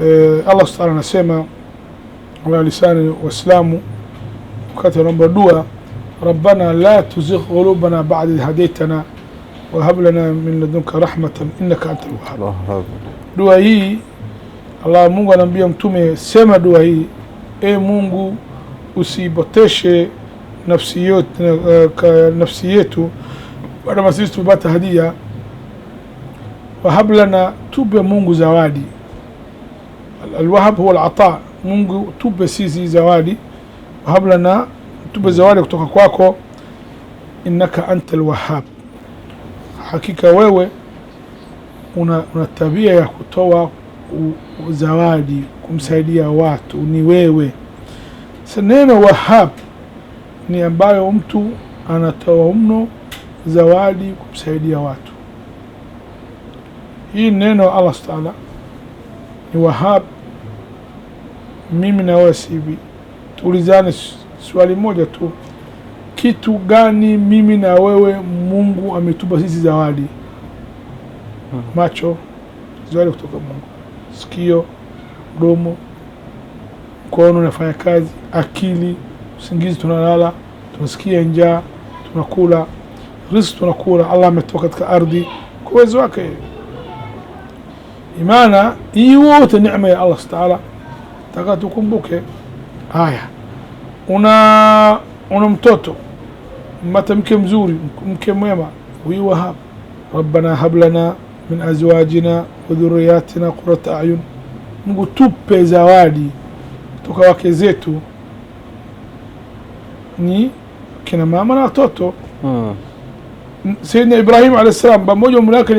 e, Allah subhanahu anasema ala lisani Waislamu wakati wanaomba dua, rabbana la tuzigh qulubana ba'da idh hadaytana wa hab lana min ladunka rahmatan innaka antal wahhab. Dua hii Allah Mungu anaambia Mtume, sema dua hii, e Mungu usipoteshe nafsi yetu, uh, nafsi yetu baada sisi tupata hadia, wa hab lana, tupe Mungu zawadi alwahab huwa alata, Mungu tupe sisi zawadi, wahablana, tupe zawadi kutoka kwako, innaka anta alwahab, hakika wewe una, una tabia ya kutoa zawadi kumsaidia watu, ni wewe. Sa neno wahab ni ambayo mtu anatoa mno zawadi kumsaidia watu. Hii neno Allah taala ni Wahab, mimi na wewe sivi, tuulizane swali moja tu, kitu gani mimi na wewe Mungu ametupa sisi zawadi? hmm. Macho zawadi kutoka Mungu, sikio, mdomo, mkono unafanya kazi, akili, usingizi, tunalala, tunasikia njaa, tunakula riziki, tunakula. Allah ametoka katika ardhi kwa uwezo wake imana hii wote يا ya Allah taala taka tukumbuke. Haya, una una mtoto mata, mke mzuri, mke mwema, huyu wahab rabbana hablana min azwajina wa dhurriyatina qurrata ayun, Mungu tupe zawadi kutoka wake zetu ni kina mama na watoto. Hmm. Sayyidina Ibrahim alayhi salam, pamoja umri wake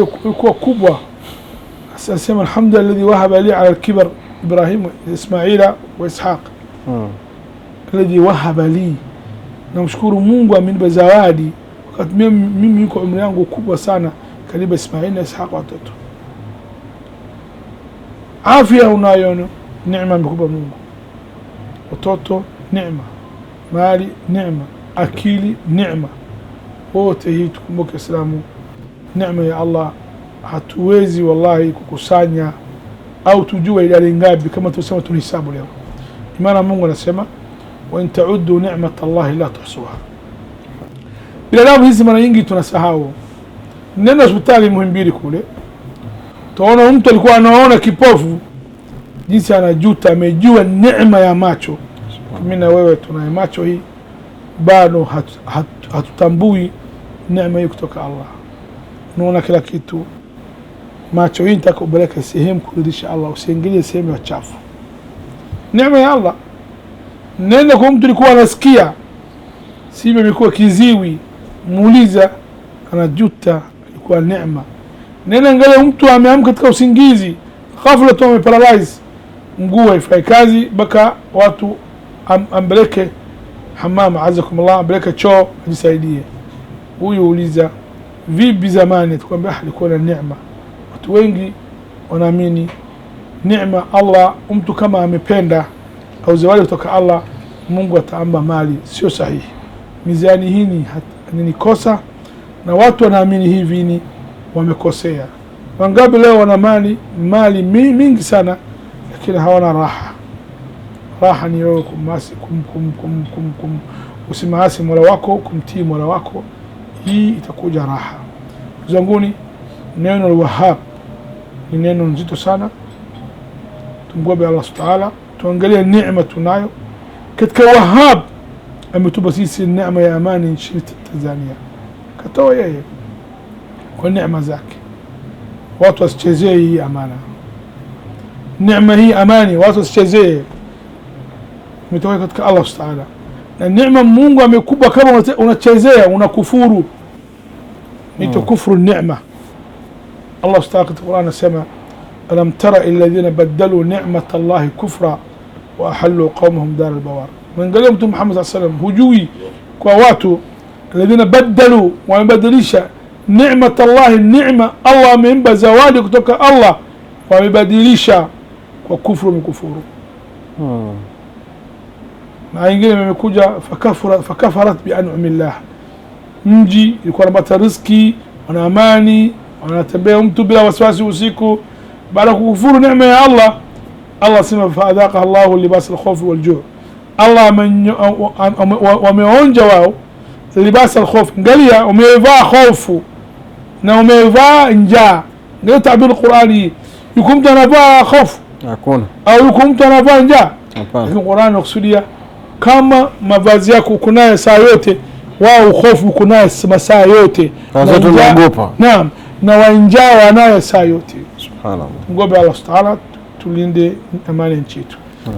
kubwa أسمى الحمد الذي وهب لي على الكبر إبراهيم إسماعيل وإسحاق مم. الذي وهب لي نمشكور مونغو من بزوادي وقد مين مين عمريانغو كوبا سانا كليب إسماعيل وإسحاق واتوتو عافية هنا يونو نعمة بكوبا مونغو وتوتو نعمة مالي نعمة أكيلي نعمة هو تهيتكم بك نعمة يا الله hatuwezi wallahi kukusanya au tujua idadi ngapi kama tusema tunahesabu leo. Maana Mungu anasema wa in taudu ni'mat Allahi la tuhsuha. Binadamu hizi mara nyingi tunasahau. Nenda hospitali Muhimbili kule, utaona mtu alikuwa anaona kipofu, jinsi anajuta, amejua neema ya macho. Mimi na wewe tunaye macho hii bado hatutambui hat, hat, neema hii kutoka Allah. Unaona kila kitu macho hii nitakupeleka sehemu kuridhisha Allah, usiingilie sehemu ya chafu. Neema ya Allah nenda kwa mtu alikuwa anasikia Simba imekuwa kiziwi, muuliza, anajuta, ilikuwa neema. Nenda angalia mtu ameamka katika usingizi, ghafla tu ameparalyze, mguu haifai kazi, mpaka watu ambeleke hamama, azakumullah, ambeleke choo ajisaidie. Huyu uliza, vipi zamani? Tukwambia ah, alikuwa na neema watu wengi wanaamini neema Allah, mtu kama amependa au zawadi kutoka Allah, Mungu ataamba mali. Sio sahihi, mizani hii ni kosa, na watu wanaamini hivi ni wamekosea. Wangapi leo wana mali mali mingi sana, lakini hawana raha. Raha ni wewe kumasi kum, kum, kum, kum, kum, usimaasi mola wako, kumtii mola wako, hii itakuja raha. Zanguni neno Alwahab ni neno nzito sana. Tumgobe Allah subhanahu wa ta'ala, tuangalie neema tunayo katika Wahab. Ametupa sisi neema ya amani nchini Tanzania, katoa yeye kwa neema zake. Watu wasichezee hii amana, neema hii amani, watu wasichezee, imetoka katika Allah ta'ala na neema Mungu amekubwa, kama unachezea unakufuru, nito mm. kufuru neema الله استاقت القرآن السماء ألم ترى الذين بدلوا نعمة الله كفرا وأحلوا قومهم دار البوار من قال يوم محمد صلى الله عليه وسلم هجوي كواتو الذين بدلوا وما بدلش نعمة الله النعمة الله من بزوالك توك الله وما بدلش وكفر من كفور آه. ما ينقل من كوجا فكفرت فكفرت بأنعم الله نجي يكون رزقي وأنا أماني wanatembea mtu bila wasiwasi usiku baada ya kukufuru neema ya Allah. Allah sema faadhaqaha Allahu libas alkhofi waljuu, Allah wameonja wao libas alkhofi, ngalia umevaa hofu na umevaa njaa. Ngalia tabiri Qurani hii, yuko mtu anavaa hofu hakuna, au yuko mtu anavaa njaa hapana, lakini Qurani inakusudia kama mavazi yako uko nayo saa yote, wao hofu uko nayo masaa yote, naam na wainjao wanayo saa yote. Subhanallah, mgombe Allah subhanahu ta'ala, tulinde amani nchi yetu.